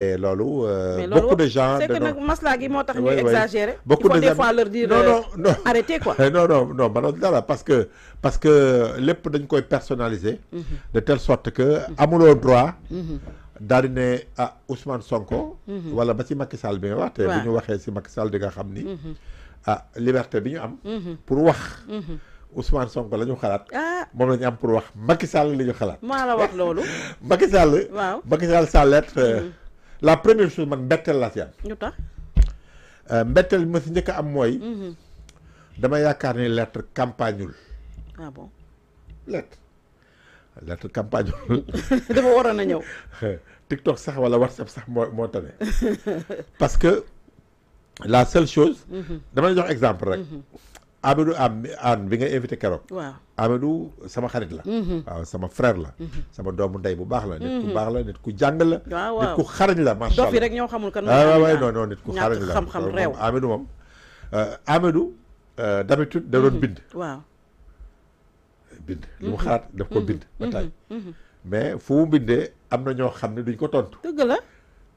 Euh, loolu. beaucoup de gens c'est que nag maslaa gi moo tax ñu exagéré. beaucoup de il faut des fois leur dire. non euh, non non arrêtez quoi. non non non ba doon dara parce que parce que lépp dañ koy personnaliser. Mhm. de telle sorte que amuloo droit. Mhm. daal di ne ah Ousmane Sonko. Mhm. wala ba ci Macky Sall bi nga wax te bu ñu waxee si Macky Sall di nga xam ni. ah liberté bi ñu am. pour wax. Ousmane Sonko lañu xalat xalaat. Ah. moom la am pour wax Macky Sall li xalat xalaat. la wax lolu Macky Sall. Macky Sall sa lettre la première chose man mbetteel laa si am. lu tax euh, mbetteel bi ma si njëkk a am mooy. Mhm. dama yaakaar ne lettre campagneul. ah bon lettre. lettre campagneul. dafa waroon a ñëw. TikTok sax wala WhatsApp sax moo moo tane parce que la seule chose. Mhm. dama jox exemple rek. Mhm. Amadou am an bi nga invité keroog. waaw sama xarit la. Mhm. waaw sama frère la. Mhm. sama doomu ndey bu baax la. nit ku mhm. baax la nit ku jàng la. nit ku xarañ la macha allah dof yi rek ñoo xamul kan. Ah, waaw waaw non non nit ku xarañ la xam-xam euh, euh, daf ko bind. ba tey mais fu mu bindee am na ñoo xam ne duñ ko tontu. dëgg la.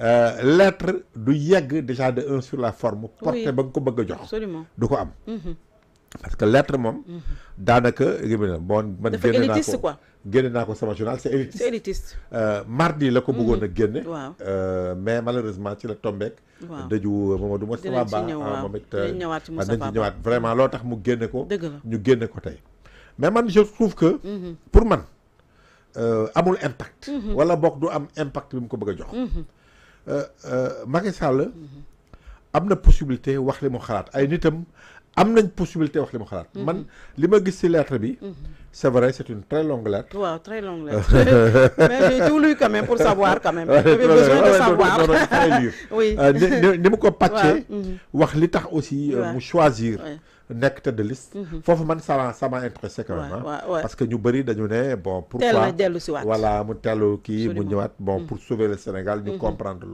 Euh, lettre du yegg déjà de un sur la forme portée ba ko bëgg a jox du ko am mhm. parce que lettre mom mhm. danaka bon man génne naa ko génne naa ko sama journal c'est élitiste c'est élitiste euh, mardi la ko mhm. bëggoon a euh mais malheureusement ci la tombeek deju Mamadou Moustapha Ba ah, moom dañ euh, ci ah, ñëwaat vraiment loo tax mu génne ko ñu génne ko tay mais man je trouve que pour man euh amul impact wala bok du am impact bi mu ko bëgg jox Euh, euh, Macky Sall am na possibilité wax li mu xalaat ay nitam am nañ possibilité wax li mu xalaat mhm. man li ma gis ci lettre bi mhm. C'est vrai, c'est une très longue lettre. Oui, très longue lettre. Mais j'ai tout lu quand même pour savoir quand même. J'avais besoin de ah savoir. oui. Euh, ne mhm. l'état aussi, euh, choisir. de mhm. quand même hein. parce que nous, bon. Mhm. pour sauver le Sénégal nous comprendre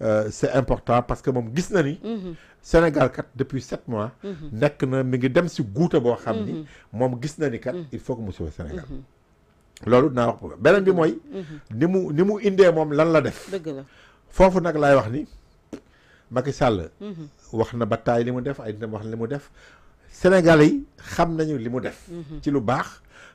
euh, important parce que Sénégal depuis sept mois. il faut que mu sauver Sénégal. Mhm. loolu dinaa wax beneen bi mooy. Mhm. ni mu ni mu indee moom lan la def. dëgg la foofu nag laay wax ni Macky Sall. Mhm. wax na bataay li mu def ay dina wax li mu def. Sénégalais yi xam nañu li def. Mhm. ci lu bax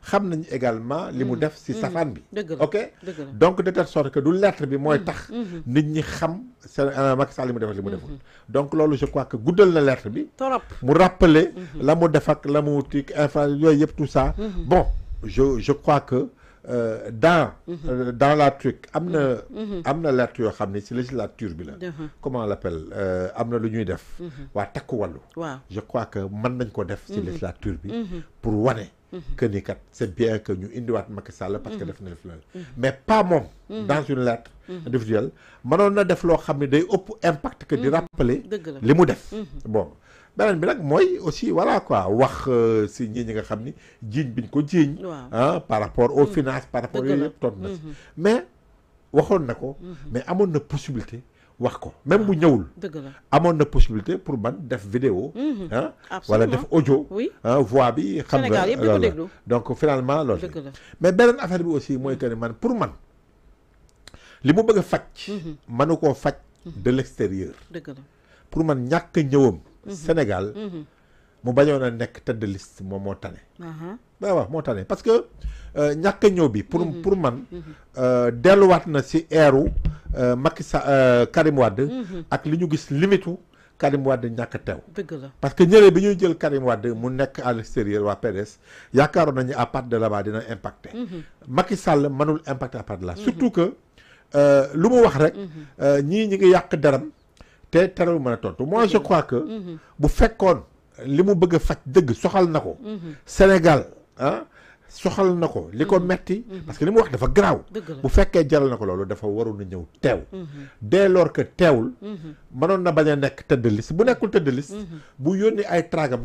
xam nañu également li mhm. def ci mhm. safane bi. ok donc de telle sorte que du lettre bi moy tax. nit ñi xam seen euh, Macky Sall li def ak li mu donc lolu je crois que guddal na lettre bi. trop mu rappeler. la mu def ak la mu tik infra yooyu tout ça. bon je je crois que. Euh, dans euh, dans la truc amna na am na lettre yoo xam ne si législature bi uh-huh. comment on l'appelle euh, amna na lu ñuy def uh-huh. waa takku je crois que mën nañ ko def si uh-huh. législature bi pour wane que ni kat c'est bien que ñu indiwaat Macky Sall parce que def na def mais pas moom dans une lettre individuelle mënoon na def loo xam ne day ëpp impact que de rappeler les mots def bon ben bi nag mooy aussi voilà quoi wax euh, si ñi nga xam ni jiiñ biñ ko jiiñ ah, par rapport aux mm. finances par rapport yooyu yëpp na si mm-hmm. mais waxoon na ko mm-hmm. mais amoon na possibilité wax ko même bu ah. ñëwul amoon na possibilité pour man def vidéo hein, wala def audio hein, voix bi xam nga loolu donc finalement loolu mais beneen affaire bi aussi mooy que ne man pour man li mu bëgg a faj mënu koo faj de l'extérieur pour man ñàkk ñëwam Sénégal mu bañoon a nekk tête de moom moo tane waaw moo tane parce que euh, ñàkk ñëw bi pour mhm. pour man mhm. euh, delluwaat na si eeru euh, Macky Sall Karim Wade mhm. ak li ñu gis limitu Karim Wade ñàkk teew dëgg la parce que ñële bi ñuy jël Karim mu nekk à l'extérieur waa PDS yaakaaroon nañu à part de la bas dina impacté Macky Sall mënul impacté à part de là surtout que lu mu wax rek ñii ñi ngi yàq deram te teraw mën a tontu moi je crois que mhm. bu fekkoon li mu bëgg a faj dëgg soxal na ko mhm. Sénégal ah soxal na ko li ko mhm. metti parce que li mu wax dafa garaaw bu fekkee jaral na ko loolu dafa waroon a ñëw teew dès lors que teewul mënoon na bañ a nekk tëdd liste bu nekkul tëdd liste bu yónni ay tragam